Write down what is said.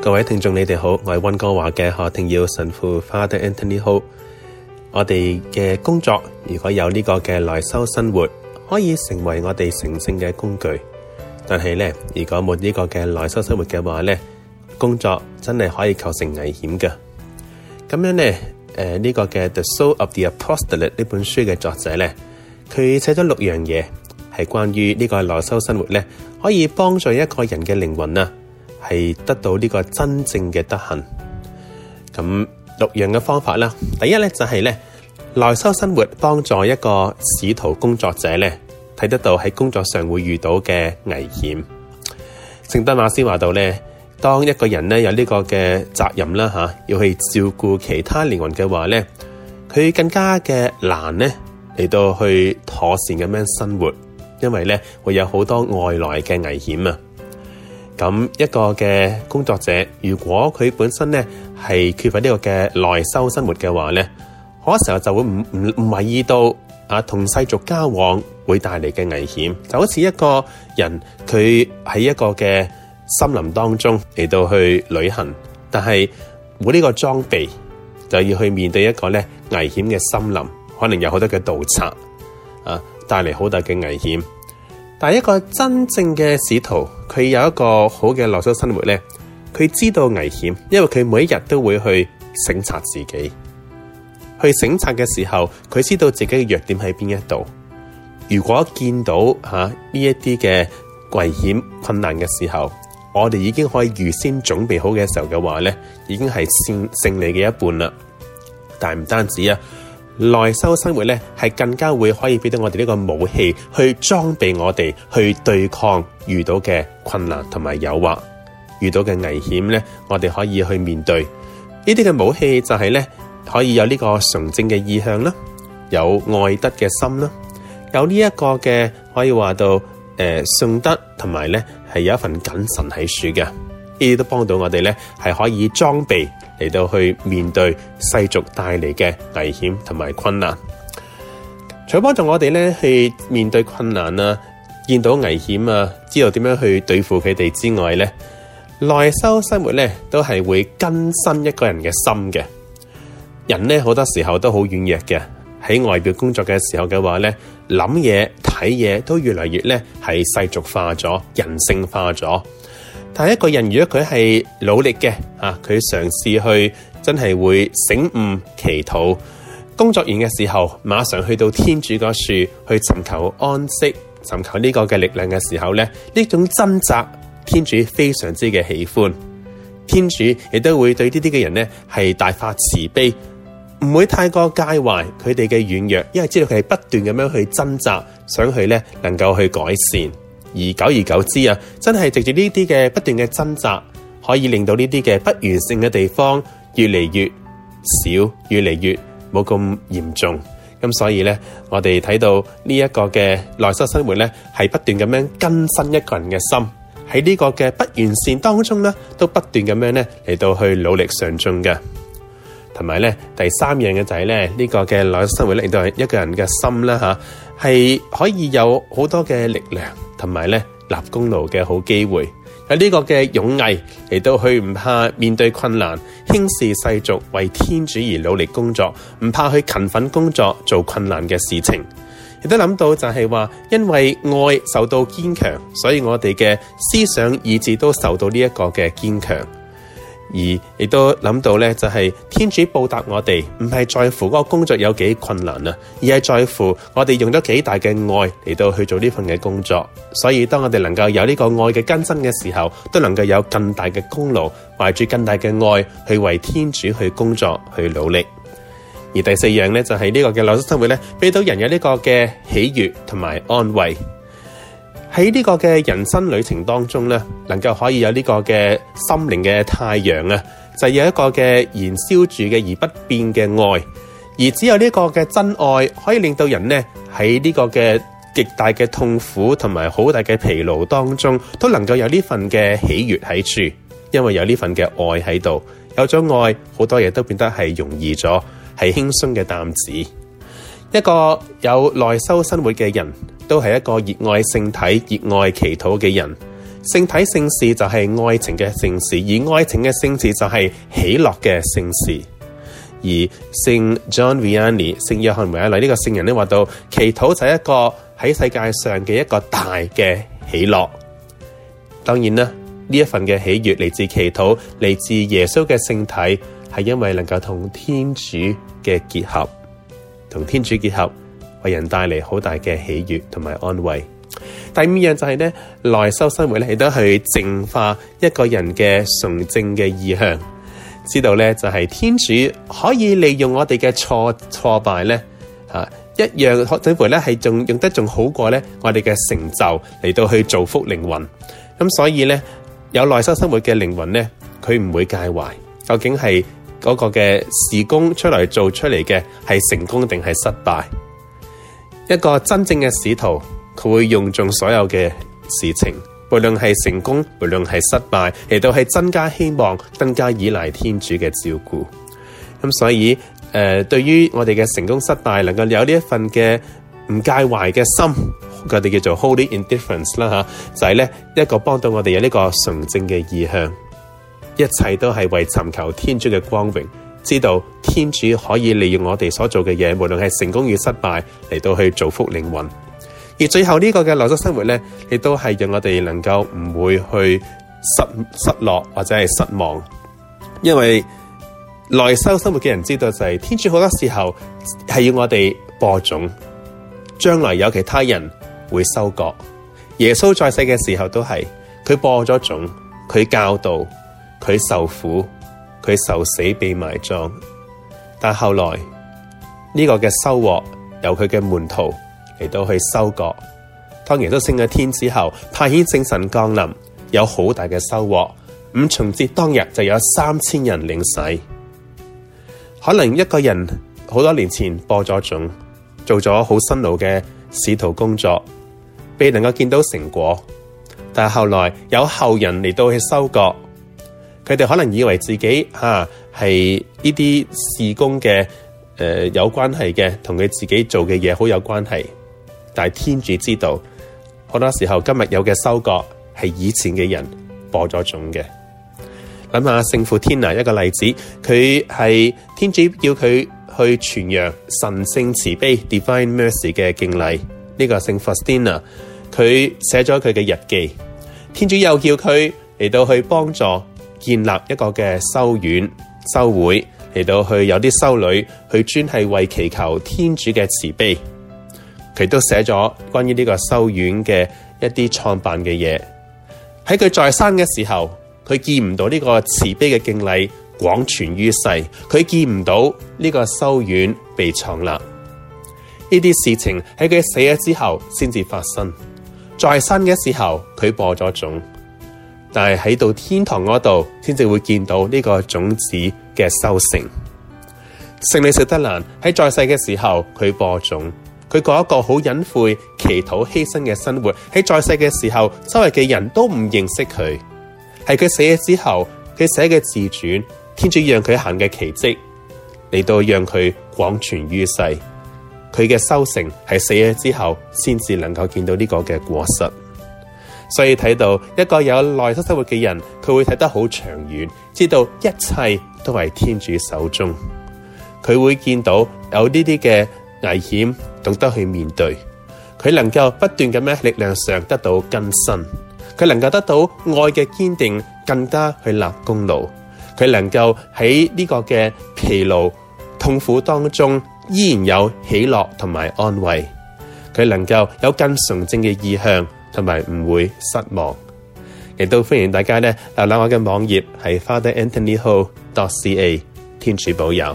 各位聽眾，你哋好，我係溫哥華嘅何庭耀神父 Father Anthony Ho。我哋嘅工作如果有呢個嘅內修生活，可以成為我哋成聖嘅工具。但係咧，如果冇呢個嘅內修生活嘅話咧，工作真係可以構成危險嘅。咁樣呢，誒、呃、呢、呢個嘅 The Soul of the Apostolate 呢本書嘅作者咧，佢寫咗六樣嘢係關於呢個內修生活咧，可以幫助一個人嘅靈魂啊。係得到呢個真正嘅德行。咁六樣嘅方法啦，第一咧就係、是、咧內修生活，幫助一個使徒工作者咧睇，得到喺工作上會遇到嘅危險。聖德馬斯話到咧，當一個人咧有呢個嘅責任啦吓、啊，要去照顧其他靈魂嘅話咧，佢更加嘅難咧嚟，到去妥善咁樣生活，因為咧會有好多外來嘅危險啊。咁一個嘅工作者，如果佢本身呢係缺乏呢個嘅內修生活嘅話呢，好多時候就會唔唔唔留意到啊同世俗交往會帶嚟嘅危險，就好似一個人佢喺一個嘅森林當中嚟到去旅行，但係冇呢個裝備，就要去面對一個呢危險嘅森林，可能有好多嘅盜賊啊，帶嚟好大嘅危險。但一個真正嘅使徒，佢有一個好嘅內修生活呢，佢知道危險，因為佢每一日都會去省察自己，去省察嘅時候，佢知道自己嘅弱點喺邊一度。如果見到吓呢、啊、一啲嘅危險困難嘅時候，我哋已經可以預先準備好嘅時候嘅話呢已經係勝勝利嘅一半啦。但係唔單止啊。內修生活咧，係更加會可以俾到我哋呢個武器去裝備我哋去對抗遇到嘅困難同埋誘惑，遇到嘅危險咧，我哋可以去面對呢啲嘅武器就係咧，可以有呢個純正嘅意向啦，有愛德嘅心啦，有呢一個嘅可以話到誒，信、呃、德同埋咧係有一份謹慎喺處嘅。呢啲都幫到我哋咧，係可以裝備嚟到去面對世俗帶嚟嘅危險同埋困難。除咗幫助我哋咧去面對困難啊，見到危險啊，知道點樣去對付佢哋之外咧，內修生活咧都係會更新一個人嘅心嘅。人咧好多時候都好軟弱嘅，喺外表工作嘅時候嘅話咧，諗嘢睇嘢，都越嚟越咧係世俗化咗，人性化咗。但一個人，如果佢係努力嘅，吓佢嘗試去真係會醒悟、祈禱、工作完嘅時候，馬上去到天主嗰處去尋求安息、尋求呢個嘅力量嘅時候咧，呢種掙扎，天主非常之嘅喜歡，天主亦都會對呢啲嘅人呢係大發慈悲，唔會太過介懷佢哋嘅軟弱，因為知道佢係不斷咁樣去掙扎，想去呢能夠去改善。而久而久之啊，真係藉住呢啲嘅不斷嘅掙扎，可以令到呢啲嘅不完善嘅地方越嚟越少，越嚟越冇咁嚴重。咁所以咧，我哋睇到呢一個嘅內心生活咧，係不斷咁樣更新一個人嘅心喺呢個嘅不完善當中咧，都不斷咁樣咧嚟到去努力上進嘅，同埋咧第三樣嘅就係咧，呢個嘅內心生活咧，令到一個人嘅心啦吓係可以有好多嘅力量。同埋咧立功勞嘅好機會，有呢個嘅勇毅嚟到去唔怕面對困難，輕視世俗，為天主而努力工作，唔怕去勤奮工作做困難嘅事情，亦都諗到就係話，因為愛受到堅強，所以我哋嘅思想意志都受到呢一個嘅堅強。而亦都諗到咧，就係天主報答我哋，唔係在乎嗰個工作有幾困難啊，而係在乎我哋用咗幾大嘅愛嚟到去做呢份嘅工作。所以當我哋能夠有呢個愛嘅更新嘅時候，都能夠有更大嘅功勞，懷住更大嘅愛去為天主去工作去努力。而第四樣咧，就係呢個嘅勞碌生活咧，俾到人有呢個嘅喜悅同埋安慰。喺呢個嘅人生旅程當中咧，能夠可以有呢個嘅心靈嘅太陽啊，就有一個嘅燃燒住嘅而不變嘅愛，而只有呢個嘅真愛可以令到人呢，喺呢個嘅極大嘅痛苦同埋好大嘅疲勞當中，都能夠有呢份嘅喜悅喺處，因為有呢份嘅愛喺度，有咗愛，好多嘢都變得係容易咗，係輕鬆嘅擔子。一個有內修生活嘅人都係一個熱愛聖體、熱愛祈禱嘅人。聖體聖事就係愛情嘅聖事，而愛情嘅聖事就係喜樂嘅聖事。而聖 John Vianney 聖約翰文一雷呢個聖人呢話到，祈禱就係一個喺世界上嘅一個大嘅喜樂。當然啦，呢一份嘅喜悦嚟自祈禱，嚟自耶穌嘅聖體，係因為能夠同天主嘅結合。同天主結合，為人帶嚟好大嘅喜悦同埋安慰。第五樣就係咧，內修生活咧，亦都去淨化一個人嘅純正嘅意向。知道咧就係、是、天主可以利用我哋嘅挫挫敗咧，啊，一樣甚至乎咧係仲用得仲好過咧，我哋嘅成就嚟到去造福靈魂。咁、嗯、所以咧，有內修生活嘅靈魂咧，佢唔會介懷究竟係。嗰個嘅事工出嚟做出嚟嘅係成功定係失敗？一個真正嘅使徒，佢會用盡所有嘅事情，無論係成功，無論係失敗，亦都係增加希望，增加依賴天主嘅照顧。咁所以，誒、呃，對於我哋嘅成功失敗，能夠有呢一份嘅唔介懷嘅心，我哋叫做 holy indifference 啦吓，就係咧一個幫到我哋有呢個純正嘅意向。一切都係為尋求天主嘅光榮，知道天主可以利用我哋所做嘅嘢，無論係成功與失敗嚟到去造福靈魂。而最後呢個嘅內修生活呢，亦都係讓我哋能夠唔會去失失落或者係失望，因為內修生活嘅人知道就係、是、天主好多時候係要我哋播種，將來有其他人會收割。耶穌在世嘅時候都係佢播咗種，佢教導。佢受苦，佢受死，被埋葬。但後來呢、呢個嘅收穫由佢嘅門徒嚟到去收割。當然都升咗天之後，派遣聖神降臨，有好大嘅收穫。五重節當日就有三千人領洗。可能一個人好多年前播咗種，做咗好辛勞嘅使徒工作，未能夠見到成果，但係後來有後人嚟到去收割。佢哋可能以為自己嚇係呢啲事工嘅，誒、呃、有關係嘅，同佢自己做嘅嘢好有關係。但係天主知道，好多時候今日有嘅收割係以前嘅人播咗種嘅。諗下聖父天啊，一個例子，佢係天主叫佢去傳揚神聖慈悲 （Divine Mercy） 嘅敬禮。呢、這個聖佛天啊，佢寫咗佢嘅日記。天主又叫佢嚟到去幫助。建立一個嘅修院修會，嚟到去有啲修女去專係為祈求天主嘅慈悲，佢都寫咗關於呢個修院嘅一啲創辦嘅嘢。喺佢在生嘅時候，佢見唔到呢個慈悲嘅敬禮廣傳於世，佢見唔到呢個修院被創立。呢啲事情喺佢死咗之後先至發生。在生嘅時候佢播咗種。但係喺到天堂嗰度，先至會見到呢個種子嘅收成。聖女小德蘭喺在世嘅時候，佢播種，佢過一個好隱晦、祈禱、犧牲嘅生活。喺在世嘅時候，周圍嘅人都唔認識佢。係佢死咗之後，佢寫嘅自傳，天主讓佢行嘅奇蹟，嚟到讓佢廣傳於世。佢嘅收成係死咗之後，先至能夠見到呢個嘅果實。所以睇到一個有內心生活嘅人，佢會睇得好長遠，知道一切都係天主手中。佢會見到有呢啲嘅危險，懂得去面對。佢能夠不斷咁喺力量上得到更新，佢能夠得到愛嘅堅定，更加去立功勞。佢能夠喺呢個嘅疲勞、痛苦當中，依然有喜樂同埋安慰。佢能夠有更純正嘅意向。同埋唔會失望，亦都歡迎大家呢瀏覽我嘅網頁，係 FatherAnthonyHo.ca，天主保佑。